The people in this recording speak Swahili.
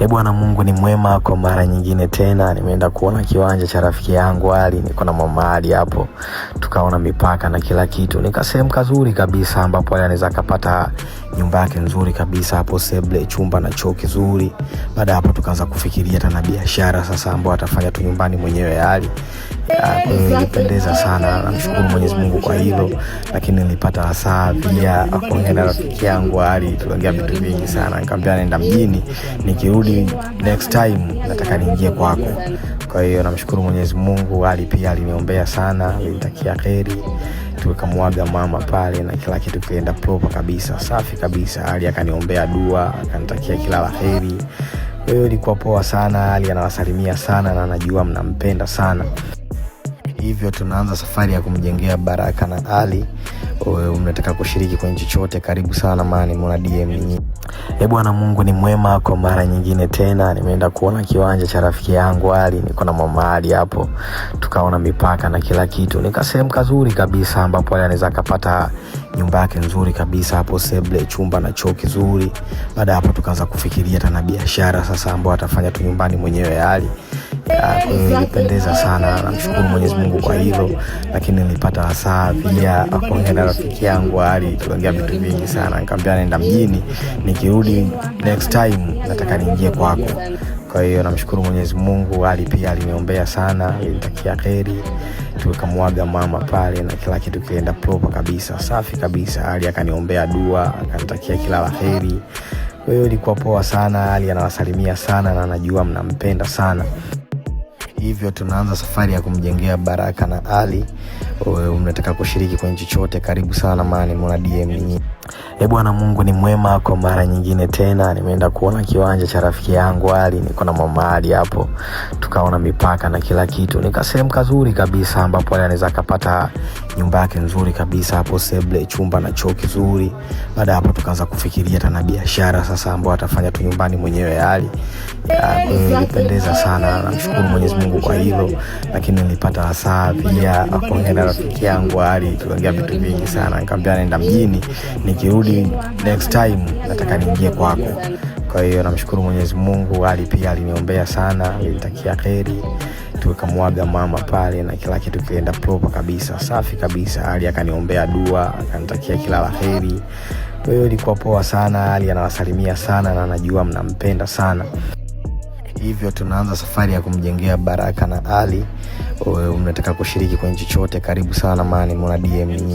E Bwana Mungu ni mwema. Kwa mara nyingine tena nimeenda kuona kiwanja cha rafiki yangu Ali, niko na mama Ali hapo, tukaona mipaka na kila kitu, nikasehemu kazuri kabisa ambapo anaweza akapata nyumba yake nzuri kabisa hapo Seble, chumba na choo kizuri. Baada ya hapo tukaanza kufikiria hata biashara sasa ambayo atafanya tu nyumbani mwenyewe hali ah, ilipendeza sana, namshukuru Mwenyezi Mungu kwa hilo. Lakini nilipata wasaa pia kuongea na rafiki yangu hali tuliongea vitu vingi sana. Nikamwambia naenda mjini, nikirudi next time nataka niingie kwako. Kwa hiyo namshukuru Mwenyezi Mungu. hali pia aliniombea sana, alinitakia kheri tukamwaga mama pale na kila kitu kienda proper kabisa, safi kabisa. Ali akaniombea dua, akanitakia kila la heri. ilikuwa poa sana. Ali anawasalimia sana na anajua mnampenda sana hivyo tunaanza safari ya kumjengea Baraka na Ali. Unataka kushiriki kwenye chochote, karibu sana mani mwana DM nyingi. Eh, e Bwana Mungu ni mwema. Kwa mara nyingine tena nimeenda kuona kiwanja cha rafiki yangu Ali, niko na mama Ali hapo, tukaona mipaka na kila kitu, nika sehemu kazuri kabisa ambapo Ali anaweza akapata nyumba yake nzuri kabisa hapo Seble, chumba na choo kizuri. Baada ya hapo tukaanza kufikiria tana biashara sasa ambayo atafanya tu nyumbani mwenyewe Ali kunipendeza ah, sana, namshukuru Mwenyezi Mungu kwa hilo, lakini nilipata wasaa pia kuongea na rafiki yangu Ali, tuongea vitu vingi sana, nikamwambia naenda mjini, nikirudi next time nataka niingie kwako. Kwa hiyo namshukuru Mwenyezi Mungu. Ali pia aliniombea sana, alinitakia heri tukamwaga mama pale na kila kitu kilienda propa kabisa, safi kabisa. Ali akaniombea dua, akanitakia kila la heri Kwa hiyo ilikuwa poa sana. Ali anawasalimia sana na anajua mnampenda sana. Hivyo tunaanza safari ya kumjengea Baraka na Ali. Mnataka kushiriki kwenye chochote, karibu sana mani, mwana DM nyinyi. E Bwana Mungu ni mwema. Kwa mara nyingine tena nimeenda kuona kiwanja cha rafiki yangu Ali, niko na mama Ali hapo, tukaona mipaka na kila kitu, nika sehemu kazuri kabisa ambapo Ali anaweza akapata nyumba yake nzuri kabisa hapo Seble, chumba na choo kizuri. Baada hapo tukaanza kufikiria hata biashara sasa ambayo atafanya tu nyumbani mwenyewe Ali. Nilipendeza sana, namshukuru Mwenyezi Mungu kwa hilo, lakini nilipata hasara pia. Akaongea na rafiki yangu Ali, tukaongea vitu vingi sana, nikamwambia naenda mjini ni nikirudi next time nataka niingie kwako. Kwa hiyo namshukuru Mwenyezi Mungu, Ali pia aliniombea sana, alinitakia kheri, tukamwaga mama pale na kila kitu kilienda proper kabisa, safi kabisa. Ali akaniombea dua, akanitakia kila la kheri. Kwa hiyo ilikuwa poa sana. Ali anawasalimia sana na anajua mnampenda sana hivyo tunaanza safari ya kumjengea Baraka na Ali. Mnataka kushiriki kwenye chochote, karibu sana mani, mwana DM.